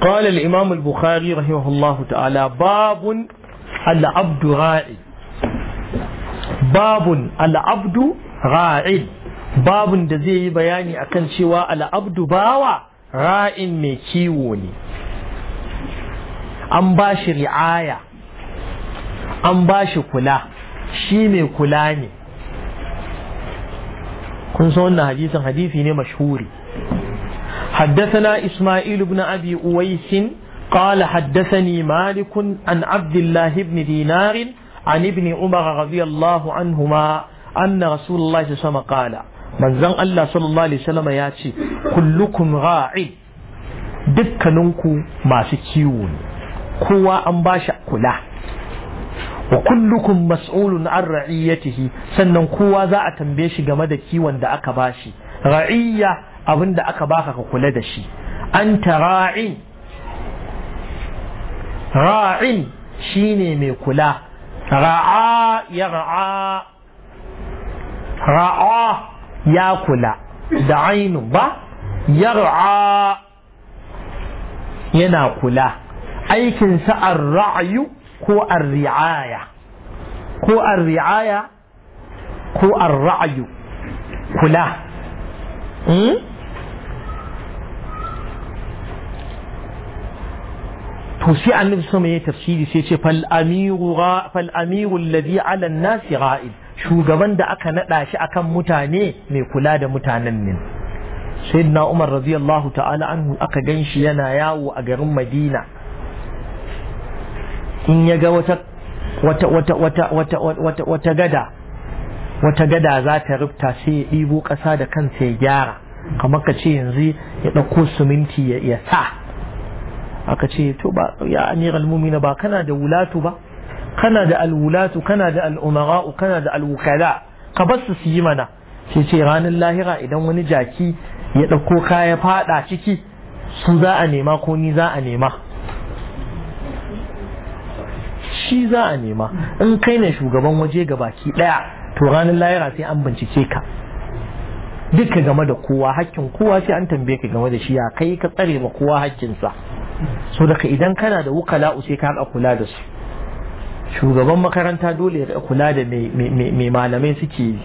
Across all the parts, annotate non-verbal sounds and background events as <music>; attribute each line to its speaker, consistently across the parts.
Speaker 1: قال imamul البخاري رحمه الله تعالى باب العبد راعي باب da zai yi bayani akan cewa al'abdu bawa ra'in mai kiwo ne an bashi ri'aya an bashi kula shi mai kula ne kun san wannan hadisin hadisi ne mashuri? حدثنا إسماعيل بن أبي أويس قال حدثني مالك عن عبد الله بن دينار عن ابن عمر رضي الله عنهما أن رسول الله صلى الله عليه وسلم قال من زن الله صلى الله عليه وسلم ياتي كلكم راع دكنكم ما سكيون كوا أنباشا كلا wa kullukum mas'ulun an ra'iyatihi sannan kowa za a tambaye shi game da kiwon da aka bashi ra'iyya abinda aka baka ka kula da shi anta ra'in ra'in shine mai kula ra'a ya ra'a ra'a ya kula da ainu ba ya ra'a yana kula aikinsa an ra'ayu ko an ri'aya ko an ri'aya ko an ra'ayu kula to sai annabi sama ya tafsiri sai ce fal amiru alladhi ala nasi ra'id shugaban da aka nada shi akan mutane mai kula da mutanen ne sayyidina umar radiyallahu ta'ala anhu aka ganshi yana yawo a garin madina in ya ga wata wata wata wata wata wata wata gada wata gada za ta rubta sai ya ɗibo ƙasa da kansa ya gyara kamar ka ce yanzu ya ɗauko siminti ya sa aka ce to ba ya amiral mumina ba kana da wulatu ba kana da alwulatu kana da al'umara'u kana da alwukala ka bar su su yi mana sai ce ranar lahira idan wani jaki ya ɗauko kaya fada ciki su za a nema ko ni za a nema shi za a nema in kai ne shugaban waje ga baki ɗaya to ranar lahira sai an bincike ka duka game da kowa hakkin kowa sai an tambaye ka game da shi ya kai ka tsare ma kowa hakkinsa so daga idan kana da wukala sai ka kula da su shugaban makaranta dole ya kula da mai malamai suke yi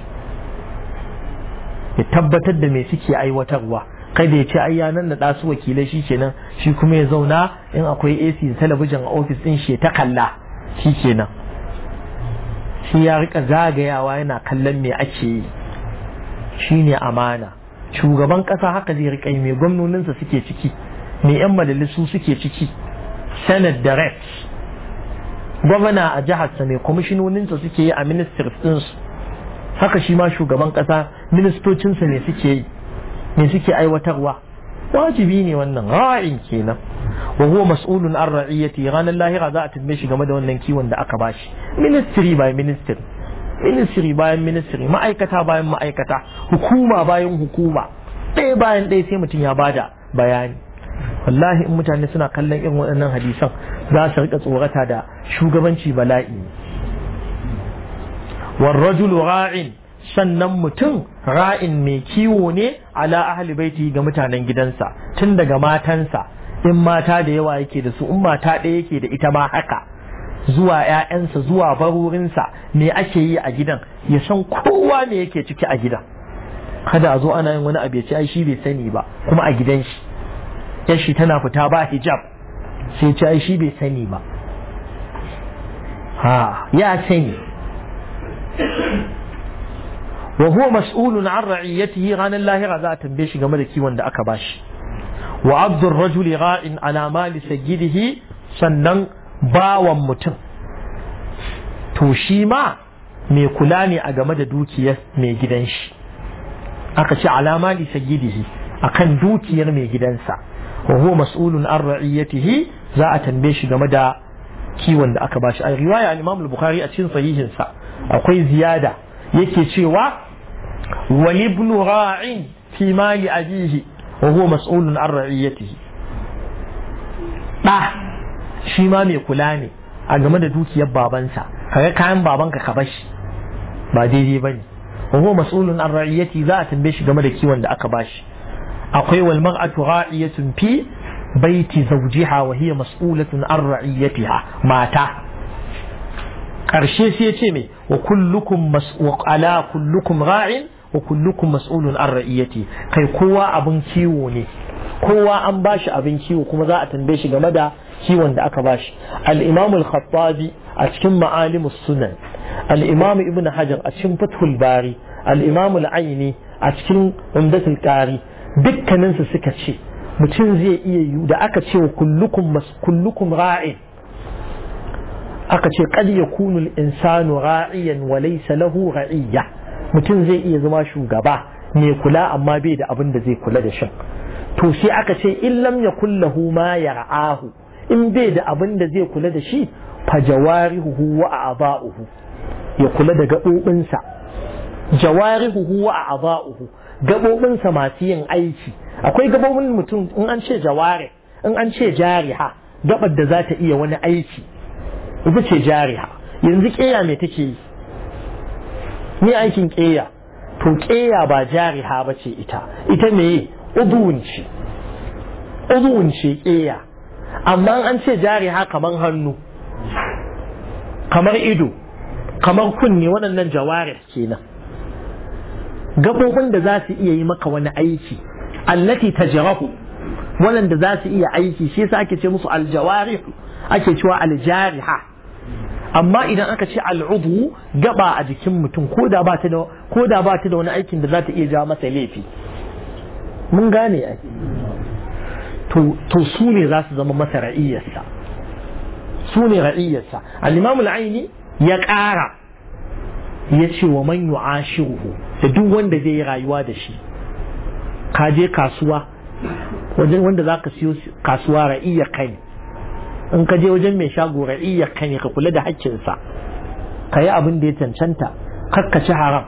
Speaker 1: ya tabbatar da mai suke aiwatarwa kai da ya ce ai yanar da su wakilai shi kenan shi kuma ya zauna in akwai AC da talabijin a ofis ɗin shi ta kalla shi kenan shi ya rika zagayawa yana kallon me ake yi Shi ne amana shugaban ƙasa haka zai rika yi mai gwamnoninsa suke ciki me yan majalisu suke ciki senate da gwamna a jiharsa mai kwamishinoninsa suke yi a ministers ɗinsu haka shi ma shugaban kasa ministocinsa ne suke yi ne suke aiwatarwa wajibi ne wannan ra'in kenan wa huwa mas'ulun an ra'iyati ranar lahira za a tambaye shi game da wannan kiwon da aka bashi ministry by ministry ministry bayan ministry ma'aikata bayan ma'aikata hukuma bayan hukuma ɗaya bayan ɗaya sai mutum ya bada bayani wallahi in mutane suna kallon irin waɗannan hadisan za su rika tsorata da shugabanci bala'i warrajul ra'in sannan mutum ra'in mai kiwo ne ala ahli baiti ga mutanen gidansa tun daga matansa in mata da yawa yake da su in mata ɗaya yake da ita ma haka zuwa ‘ya'yansa zuwa barorinsa me ake yi a gidan ya san kowa me yake ciki a gidan kada a zo ana yin wani abu ya ce ai shi bai sani ba kuma a gidan shi yashi tana fita ba hijab sai ce ai shi bai sani ba ha ya sani wa huwa mas'ulun an ra'iyatihi ranar lahira za a tambaye shi game da kiwon da aka bashi wa abdur rajuli ra'in ala mali sayyidihi sannan bawan mutum to shi ma mai kula ne a game da dukiyar mai gidan shi aka ce alama li sayyidihi akan dukiyar mai gidansa wa huwa mas'ulun an ra'iyatihi za a tambaye shi game da kiwon da aka bashi a riwaya al-Imam al-Bukhari a cikin sahihin sa akwai ziyada yake cewa wa ibn ra'in fi mali abihi wa huwa mas'ulun an ra'iyatihi da shi ma mai kula ne a game da dukiyar babansa kaga kayan babanka ka bashi ba daidai bane wa huwa mas'ulun an ra'iyati za a tambaye shi game da kiwon da aka bashi أقوى المرأة راعية في بيت زوجها وهي مسؤولة عن رعيتها ماتا أرشيس يتيمي وكلكم مسؤول على كلكم راع وكلكم مسؤول عن رعيتي كي قوى أبن كيوني قوى أنباش أبن كيو كما ذات بيش جمدا كيوان أكباش الإمام الخطابي أتكم معالم السنن الإمام ابن حجر أتكم فتح الباري الإمام العيني أتكم عمدة الكاري dukkaninsu suka ce mutum zai iya yi da aka ce wa kullukum ra'in aka ce kad yakunu insanu ra'iyan wa salahu ra'iyya mutum zai iya zama shugaba mai kula amma bai da abin da zai kula da shan. to sai aka ce in ya kullahu ma ya ra'ahu in bai da abin da zai kula da shi fa jawarihu wa a'dha'uhu ya kula da gabobinsa jawarihu wa abauhu gaɓoɓinsa masu yin aiki akwai gabobin mutum in an ce jaware in an ce jariha gaɓar da za ta iya wani aiki ita ce jariha yanzu ƙeya me take yi ni aikin ƙeya to ƙeya ba jariha ba ce ita ita me uduwunci uduwunci keya ƙeya amma an ce jariha kamar hannu kamar ido kamar kunne waɗannan jawaris kenan gabobin da za su iya yi maka wani aiki allati tajrahu waɗanda za su iya aiki shi yasa ake ce musu aljawarih ake cewa aljariha amma idan aka ce al'ubu gaba a jikin mutum ko da ba ta da ko da ba ta da wani aikin da za ta iya jawo masa laifi mun gane ai to to su ne za su zama masa ra'iyarsa su ne ra'iyarsa al-imam al-aini ya ƙara ya ce wa man yu'ashiruhu da duk wanda zai yi rayuwa da shi ka je kasuwa wajen wanda za ka siyo kasuwa ra'iyya kai in ka je wajen mai shago ra'iyya kai ka kula da haƙƙinsa ka yi abin da ya cancanta ci haram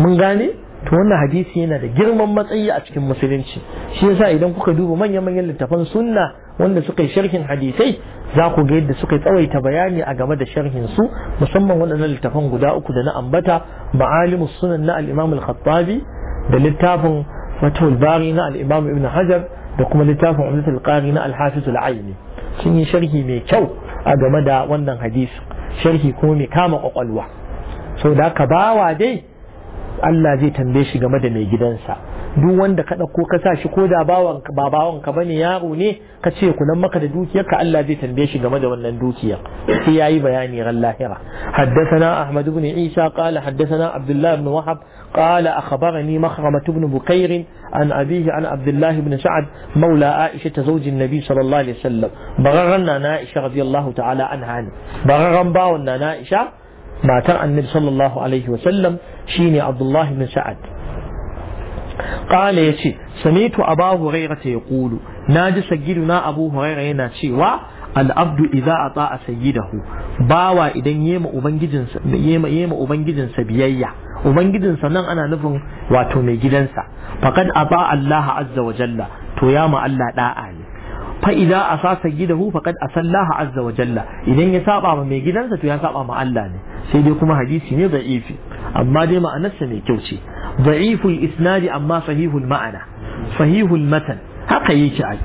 Speaker 1: mun gane to wannan hadisi yana da girman matsayi a cikin musulunci shi yasa idan kuka duba manya manyan littafan sunna wanda suka yi sharhin hadisai za ku ga yadda suka tsawaita bayani a game da sharhin su musamman waɗannan littafan guda uku da na ambata ma'alimus sunan na al-imam al-khattabi da littafin fatul bari na al-imam ibn hajar da kuma littafin umdatul qari na al-hafiz al-aini sun yi sharhi mai kyau a game da wannan hadisi sharhi kuma mai kama kwakwalwa sau da ka bawa dai Allah zai tambaye shi game da mai gidansa duk wanda ka ɗauko ka sa shi ko da bawan ba bawan ka bane yaro ne ka ce kulan maka da dukiyar ka Allah zai tambaye shi game da wannan dukiyar sai yayi bayani ran lahira haddathana ahmad ibn isa qala haddathana abdullah ibn wahab qala akhbarani makhramah ibn bukair an abihi an abdullah ibn sa'ad maula aisha zawj an-nabi sallallahu alaihi wasallam bagaran na aisha radiyallahu ta'ala anha bagaran bawan na aisha matar annabi sallallahu alaihi wasallam shine abdullah ibn sa'ad ta ya kulu na ji Sagidu na Abu أبو yana cewa al'abdu idza a ta'a sayyidahu bawa idan yi ma ubangijinsa biyayya ubangijinsa nan ana nufin wato mai gidansa faqad ata Allah azza wa jalla to ya ma Allah da'a ne fa idza asa sayyidahu faqad asallaha azza wa jalla idan ya saba ma mai gidansa to ya saba ma Allah ne sai dai kuma hadisi ne fi amma dai ma'anarsa mai kyau ce da'iful isnadi amma sahihul ma'ana sahihul matan haka yake ai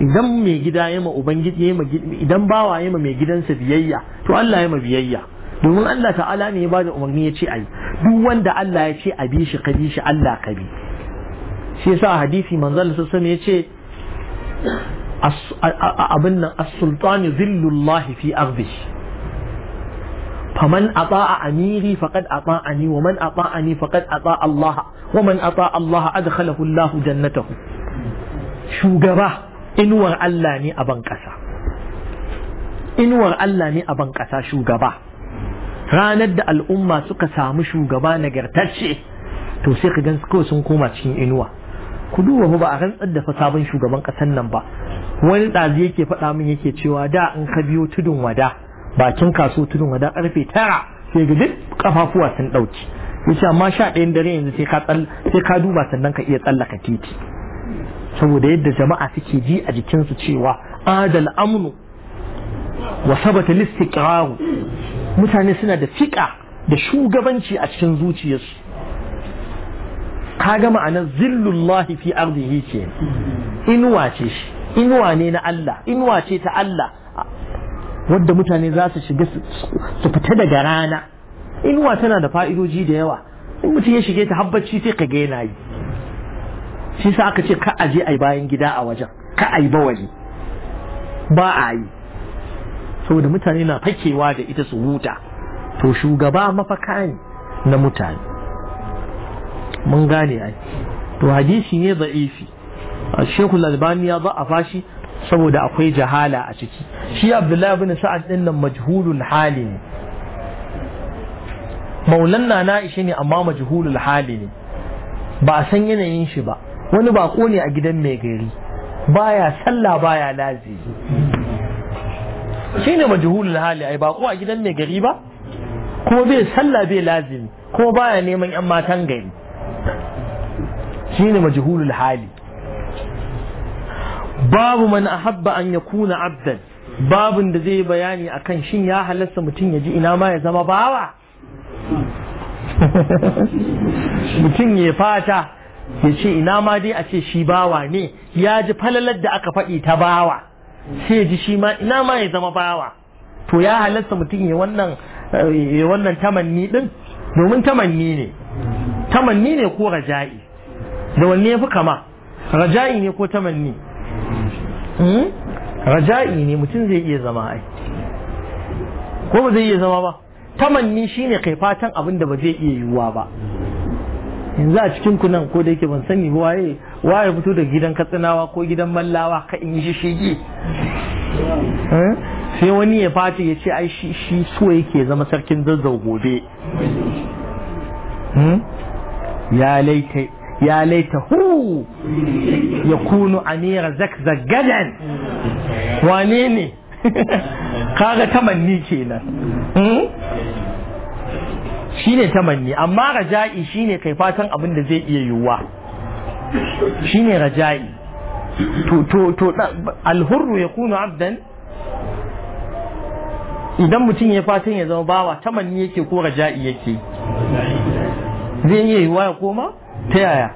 Speaker 1: idan mai gida ya ma ubangiji ya ma idan bawa ya ma mai gidansa biyayya to Allah ya ma biyayya domin Allah ta'ala ne ya bada umarni ya ce ai duk wanda Allah ya ce a bi ka bi Allah ka bi shi yasa hadisi manzon sallallahu alaihi ya ce abin nan as-sultanu zillullahi fi ardihi faman ata'a amiri faqad ata'ani wa man ata'ani faqad ata'a Allah wa man ata'a Allah adkhalahu Allah jannatahu shugaba inuwar Allah ne a banƙasa. inuwar Allah ne a ban shugaba ranar da al'umma suka samu shugaba nagartacce to sai ka gan kawai sun koma cikin inuwa ku duba ba a rantsar da sabon shugaban ƙasar nan ba wani ɗazi yake faɗa min yake cewa da in ka biyo tudun wada bakin kaso tudun wadan karfe tara sai ga duk kafafuwa sun dauki yace amma sha ɗayan dare yanzu sai ka sai ka duba sannan ka iya tsallaka titi saboda yadda jama'a suke ji a jikinsu cewa adal amnu wa sabata listiqrar mutane suna da fiƙa da shugabanci a cikin zuciyarsu ka ga ma'anar zillullahi fi ardihi ce inuwa ce shi inuwa ne na Allah inuwa ce ta Allah wadda mutane za su shiga su fita daga rana inuwa tana da fa'idoji da yawa in mutum ya shige ta habbaci sai ka ga yi shi sa aka ce ka aje bayan gida a wajen ka ai yi ba a yi saboda mutane na fakewa da ita su huta to shugaba mafaka ne na mutane mun gane ai to hadisi ne a shekul albani ya za'afa saboda akwai jahala a ciki shi abdullahi bin sa'ad din nan majhulul hali ne maulan na na ishe ne amma majhulul hali ne ba a san yanayin shi ba wani bako ne a gidan mai gari baya salla baya lazi shine majhulul hali ai bako a gidan mai gari ba kuma bai salla bai lazimi kuma baya neman yan matan gari shine majhulul hali babu man ahabba an yakuna abdan babun da zai bayani akan shin ya halasta mutum ya ji ina ma ya zama bawa
Speaker 2: <laughs>
Speaker 1: mutum ya fata ya ce ina ma dai a ce shi bawa ne ya ji falalar da aka faɗi ta bawa sai ya ji shi ma ina ma ya zama bawa to ya halasta mutum ya wannan ya wannan tamanni din domin tamanni ne tamanni ne ko raja'i da wanne ya fi kama raja'i ne ko tamanni Hmm? raja'i ne mutum zai iya zama ai ko ba zai iya zama ba tamanni shine kai fatan abin da ba zai iya yiwuwa ba yanzu a cikin ku nan ko da yake ban sani waye waye fito da gidan katsinawa ko gidan mallawa ka in shi shishigi hmm? sai wani ya fata ya ce ai shi shi so yake zama sarkin zazzau gobe hmm? ya laita يا laita hu ya kunu amira zakzagadan wane ne kaga tamanni kenan shine tamanni amma raja'i shine kai fatan abin da zai iya yiwuwa shine raja'i to to to alhurru ya kunu abdan idan mutum ya fatan ya zama bawa tamanni yake ko raja'i yake zai iya yiwuwa ya koma ta yaya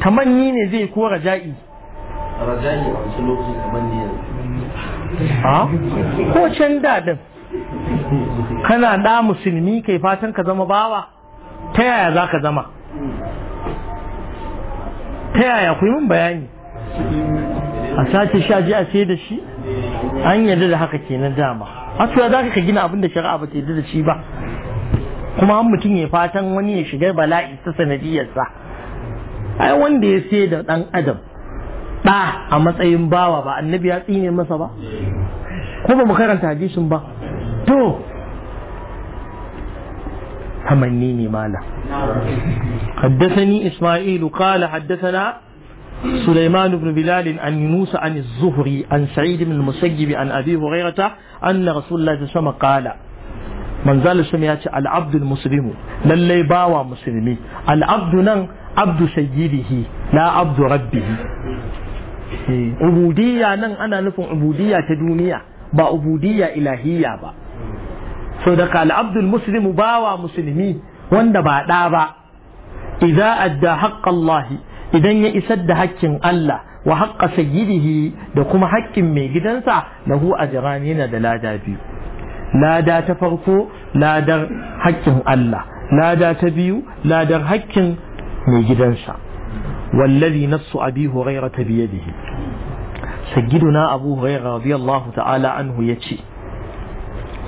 Speaker 1: tamanni ne zai kuwa raja'i ko can dadin kana da musulmi kai fatan ka zama bawa ta yaya za ka zama ta yaya ku yi min bayani a sace sha ji a sai da shi an yarda da haka kenan dama a ya za ka gina abin da shari'a ba ta yarda da shi ba kuma an mutum ya fatan wani ya shiga bala'i ta sanadiyarsa ai wanda ya sai da dan adam ɗa a matsayin bawa ba annabi ya tsine masa ba ko ba mu karanta hadisin ba to همنيني مالا حدثني إسماعيل قال حدثنا سليمان بن بلال عن يونس عن الزهري عن سعيد بن المسيب عن أبي هريرة أن رسول الله صلى الله عليه وسلم قال manzal sun ya ce al'abdul muslimu lallai bawa musulmi al'abdu nan abdu sayyidihi na abdu rabbihi eh, ubudiyya nan ana nufin ubudiyya ta duniya ba ubudiyya ilahiyya ba so daga al'abdul muslimu bawa musulmi wanda ba ɗa ba idza adda Allah idan ya isar da haƙƙin Allah wa haƙƙa sayyidihi da kuma haƙƙin mai gidansa lahu ajran yana da lada biyu lada ta farko ladar haƙƙin Allah lada ta biyu ladar haƙƙin mai gidansa wallazi nafsu abi hurairah ta biyadihi sayyiduna abu hurairah radiyallahu ta'ala anhu yace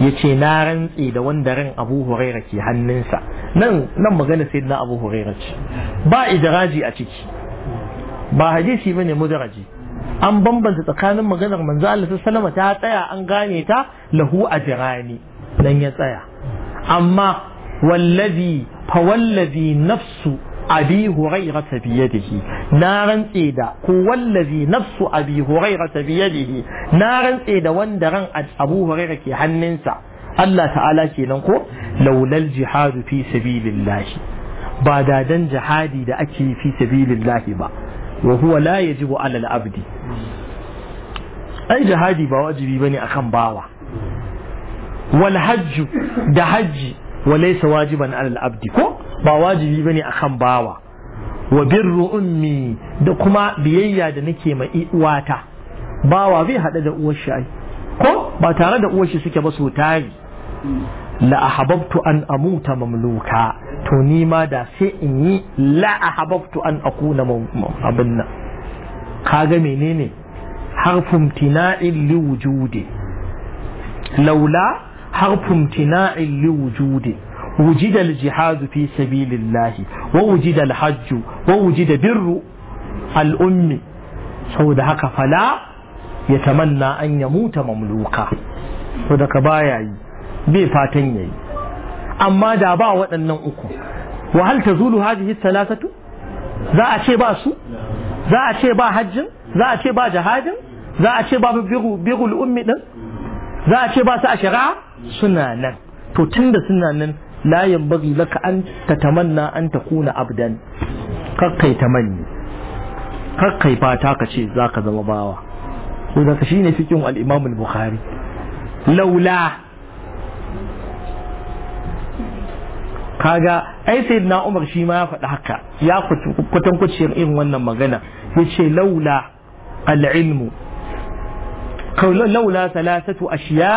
Speaker 1: yace na rantse da wanda ran abu hurairah ke hannunsa nan nan magana na abu hurairah ce ba idraji a ciki ba hadisi bane mudaraji an bambanta tsakanin maganar manzo Allah sallama ta tsaya an gane ta lahu ajrani nan ya tsaya amma wallazi fa wallazi nafsu abi hurairata biyadihi na rantse da ko wallazi nafsu abi hurairata biyadihi na rantse da wanda ran abu huraira ke hannunsa Allah ta'ala kenan ko laulal jihadu fi sabilillahi ba da dan jihadi da ake fi sabilillahi ba wa huwa la yajibu alal abdi ai jihadi ba wajibi bane akan bawa wal hajj da hajji wa laysa wajiban alal abdi ko ba wajibi bane akan bawa wa birru ummi da kuma biyayya da nake mai uwata bawa bai hada da uwar shi ko ba tare da uwar shi suke ba su tari لأحببت أن أموت مملوكا توني ما دا سئني لا أحببت أن أكون مملوكا كاغا منيني حرف امتناع لوجودي لولا حرف امتناع لوجودي وجد الجهاد في سبيل الله ووجد الحج ووجد بر الأم سود هكا فلا يتمنى أن يموت مملوكا سود كبايا bai fatan yayi amma da ba waɗannan uku wahal ta zulu hadhihi thalathatu za a ce ba su za a ce ba hajjin za a ce ba jihadin za a ce ba birul ummi din za a ce ba su a suna nan to tunda suna nan la yanbaghi laka an tatamanna an takuna abdan kakkai tamanni kakkai fata ka ce zaka zama bawa so da shine fikin al-Imam al-Bukhari laula kaga ai na Umar shi ma ya faɗi haka ya kwatan kuciyar irin wannan magana yace laula al'ilmu laula salasatu ashiya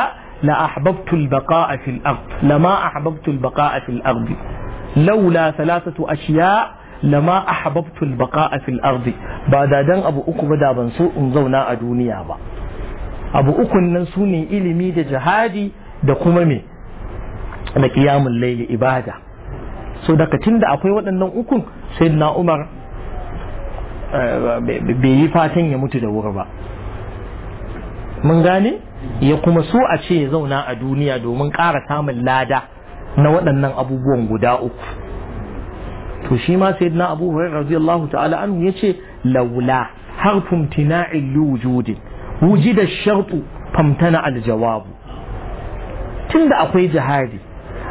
Speaker 1: la ahbabtu al-baqa'a fil ard lama ahbabtu al-baqa'a fil ard laula thalathatu ashiya lama ahbabtu al-baqa'a fil ard ba da dan abu uku ba da ban so in zauna a duniya ba abu ukun nan sune ilimi da jihadi da kuma me na ƙiyamin layli ibada so daga tunda akwai waɗannan ukun sai na umar eh, bai yi fatan ya mutu da wuri ba mun gane ya kuma so a ce ya zauna a duniya domin ƙara samun lada na waɗannan abubuwan guda uku to shi ma sai na abu razi Allah ta'ala ya ce laula har ilu tina'in wuji wujida sharɗu famtana aljawabu Tun da akwai jihadi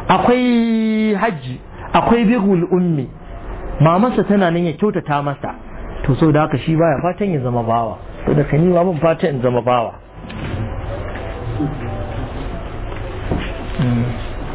Speaker 1: akwai hajji akwai birrul ummi mamansa tana nan ya kyautata masa to so da haka shi baya fatan ya zama bawa to da kani ba ban fatan in zama bawa hmm.